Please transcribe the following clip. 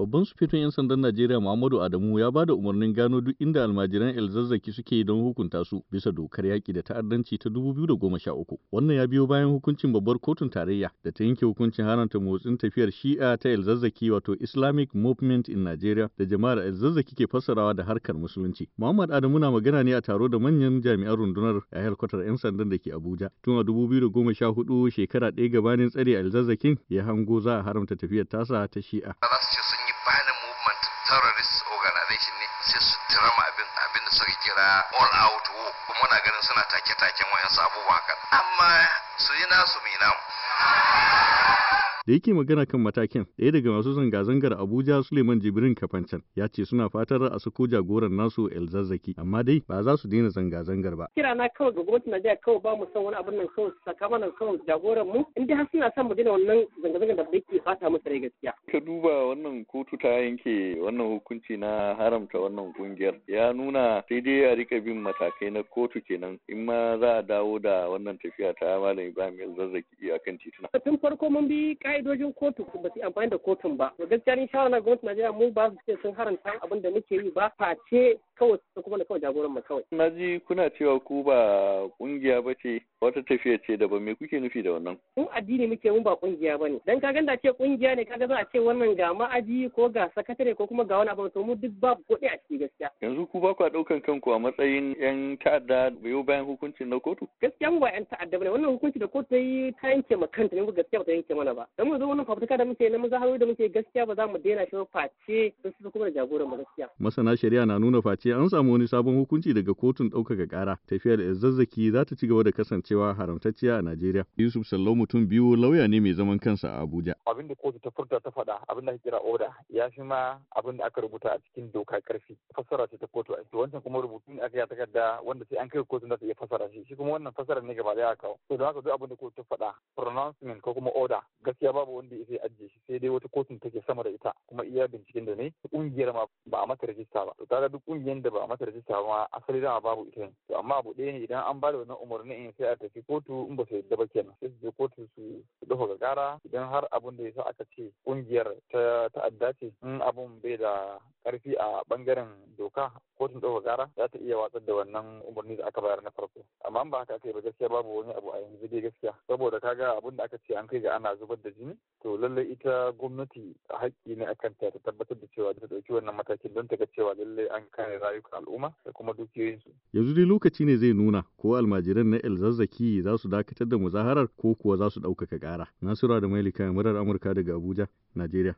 Babban sufetun 'yan sandan Najeriya Muhammadu Adamu ya ba da umarnin gano duk inda almajiran Zazzaki suke don hukunta su bisa dokar yaƙi da ta'addanci ta 2013. Wannan ya biyo bayan hukuncin babbar kotun tarayya da ta yanke hukuncin haramta motsin tafiyar shi'a ta Zazzaki wato Islamic Movement in Nigeria da jama'ar Zazzaki ke fassarawa da harkar musulunci. Muhammad Adamu na magana ne a taro da manyan jami'an rundunar a helkwatar 'yan sandan da ke Abuja. Tun a 2014 shekara ɗaya gabanin tsare Zazzakin ya hango za a haramta tafiyar tasa ta shi'a. abin abin da suka kira all out war kuma muna ganin suna take-taken wayan sabuwa kan amma su yi nasu mai namu da yake magana kan matakin ɗaya daga masu zanga-zangar abuja suleiman jibrin kafancan ya ce suna fatar a sako jagoran nasu elzazzaki amma dai ba za su daina zanga-zangar ba kira na kawai ga gwamnatin najeriya kawai ba mu san wani abin nan kawai saka mana kawai jagoran mu in dai har suna son mu daina wannan zanga-zangar da muke fata musu rai gaskiya ka duba wannan kotu ta yanke wannan hukunci na haramta wannan kungiyar ya nuna sai dai a rika bin matakai na kotu kenan in ma za a dawo da wannan tafiya ta malam ibrahim elzazzaki akan tituna tun farko mun bi ka'idojin kotu ba su amfani da kotun ba to gaskiya ni shawara gwamnatin Najeriya mu ba su ce sun haranta abin da muke yi ba face kawai su kuma da kawai jagoran mu kawai na ji kuna cewa ku ba kungiya ba ce wata tafiya ce daban me kuke nufi da wannan mu addini muke mun ba kungiya ne. dan ka ganda ce kungiya ne kaga za a ce wannan ga ma'aji ko ga sakatare ko kuma ga wani abu to mu duk babu kuɗi a ciki gaskiya yanzu ku ba ku daukan kanku a matsayin yan ta'adda yau bayan hukuncin na kotu gaskiya mu ba yan ta'adda ne wannan hukunci da kotu ta yi ta yanke ma kanta ne gaskiya ba ta yanke mana ba dan mu zo wannan fafutuka da muke na muzaharu da muke gaskiya ba za mu daina shi face don su kuma jagoran mu gaskiya masana shari'a na nuna face an samu wani sabon hukunci daga kotun ɗaukaka tafiya tafiyar zazzaki za ta ci gaba da kasancewa haramtacciya a Najeriya Yusuf Sallau mutum biyu lauya ne mai zaman kansa a Abuja abin da kotu ta furta ta faɗa abin da kira oda ya fi ma abin da aka rubuta a cikin doka karfi fassara ce ta kotu a wancan kuma rubutu da aka yi takarda wanda sai an kai kotun za ta iya fasara shi shi kuma wannan fasara ne gaba daya kawo to don haka duk abin da kotu ta faɗa pronouncement ko kuma order gaskiya babu wanda ya sai ajiye shi sai dai wata kotun take sama da ita kuma iya binciken da ne kungiyar ma ba a mata rajista ba to kaga duk kungiyar da ba a mata rajista ba asali dama babu ita ne to amma abu ɗaya ne idan an ba da wannan umarni in sai a tafi kotu in ba su yadda ba kenan sai su je kotu su ɗaukaka ƙara idan har abin da yasa aka ce kungiyar ta ta'adda ce in abun bai da karfi a ɓangaren doka kotun ɗaukaka gara za ta iya watsar da wannan umarni da aka bayar na farko amma ba haka aka yi ba gaskiya babu wani abu a yanzu dai gaskiya saboda kaga abin da aka ce an kai ga ana zubar da jini to lallai ita gwamnati haƙƙi ne akan ta tabbatar da cewa ta ɗauki wannan matakin don ta ga cewa lallai an kare rayukan al'umma da kuma dukiyoyinsu. Yanzu dai lokaci ne zai nuna ko almajiran na El Zazzaki za su dakatar da muzaharar ko kuwa za su ɗaukaka ƙara. Nasura da Mailika murar Amurka daga Abuja, Najeriya.